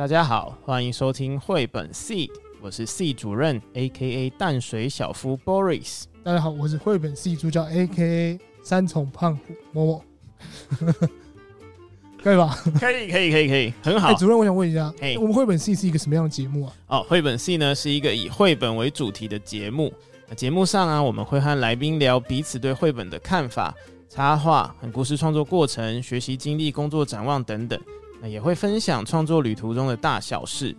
大家好，歡迎收聽繪本 C，我是 C 主任，A K A 淡水小夫 Boris。大家好，我是繪本 C 主角，A K A 三重胖虎摸摸可以吧？ 可以，可以，可以，可以，很好。欸、主任，我想問一下，嘿我們繪本 C 是一個什麼樣的節目啊？哦，繪本 C 呢是一個以繪本為主題的節目。那節目上啊，我們會和來賓聊彼此對繪本的看法、插畫、故事創作過程、學習經歷、工作展望等等。也會分享創作旅途中的大小事，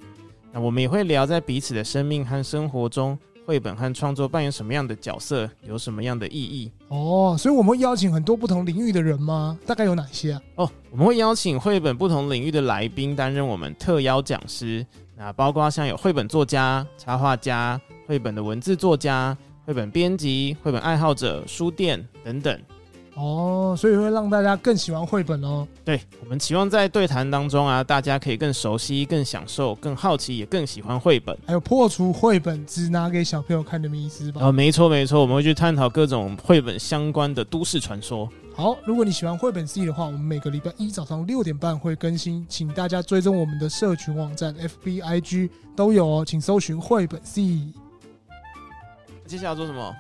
那我們也會聊在彼此的生命和生活中，繪本和創作扮演什麼樣的角色，有什麼樣的意義。哦，所以我們會邀請很多不同領域的人嗎？大概有哪些啊？哦，我們會邀請繪本不同領域的來賓擔任我們特邀講師，那包括像有繪本作家、插畫家、繪本的文字作家、繪本編輯、繪本愛好者、書店等等。哦，所以會讓大家更喜歡繪本哦。對，我們期望在對談當中啊，大家可以更熟悉、更享受、更好奇，也更喜歡繪本。還有破除繪本只拿給小朋友看的迷思吧。啊、哦，沒錯沒錯，我們會去探討各種繪本相關的都市傳說。好，如果你喜歡繪本 SEED 的話，我們每個禮拜一早上六點半會更新，請大家追蹤我們的社群網站 FBIG 都有哦，請搜尋繪本 SEED。接下來要做什麼？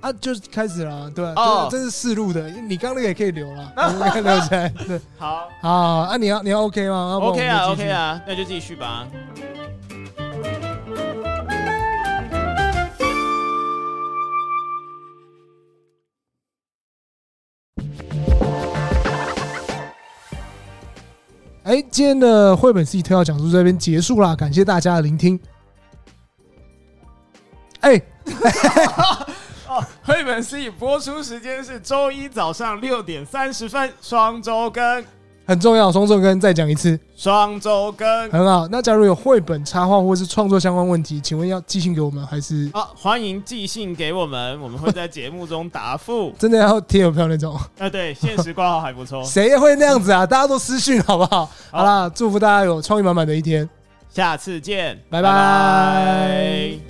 啊，就是開始了、啊，對，oh. 對這真是試錄的，你剛剛那個也可以留啦、oh. okay, 了，對不、oh. 對？對，oh. 好，好，好，啊，你要你要 OK 嗎要？OK 啊，OK 啊，那就繼續吧。哎、 欸，今天的繪本 SEED 特效講座這邊結束了，感謝大家的聆聽。哎。哦，繪本 SEED 播出時間是周一早上六點三十分，雙周更很重要。雙周更再講一次，雙周更很好。那假如有繪本插畫或者是創作相關問題，請問要寄信給我們還是？好、啊，歡迎寄信給我們，我們會在節目中答覆。 真的要貼郵票那種？啊 、呃，對，限時掛號還不錯。誰會那樣子啊？大家都私訊好不好？嗯、好啦，好啦祝福大家有創意滿滿的一天，下次見，拜拜 bye。Bye bye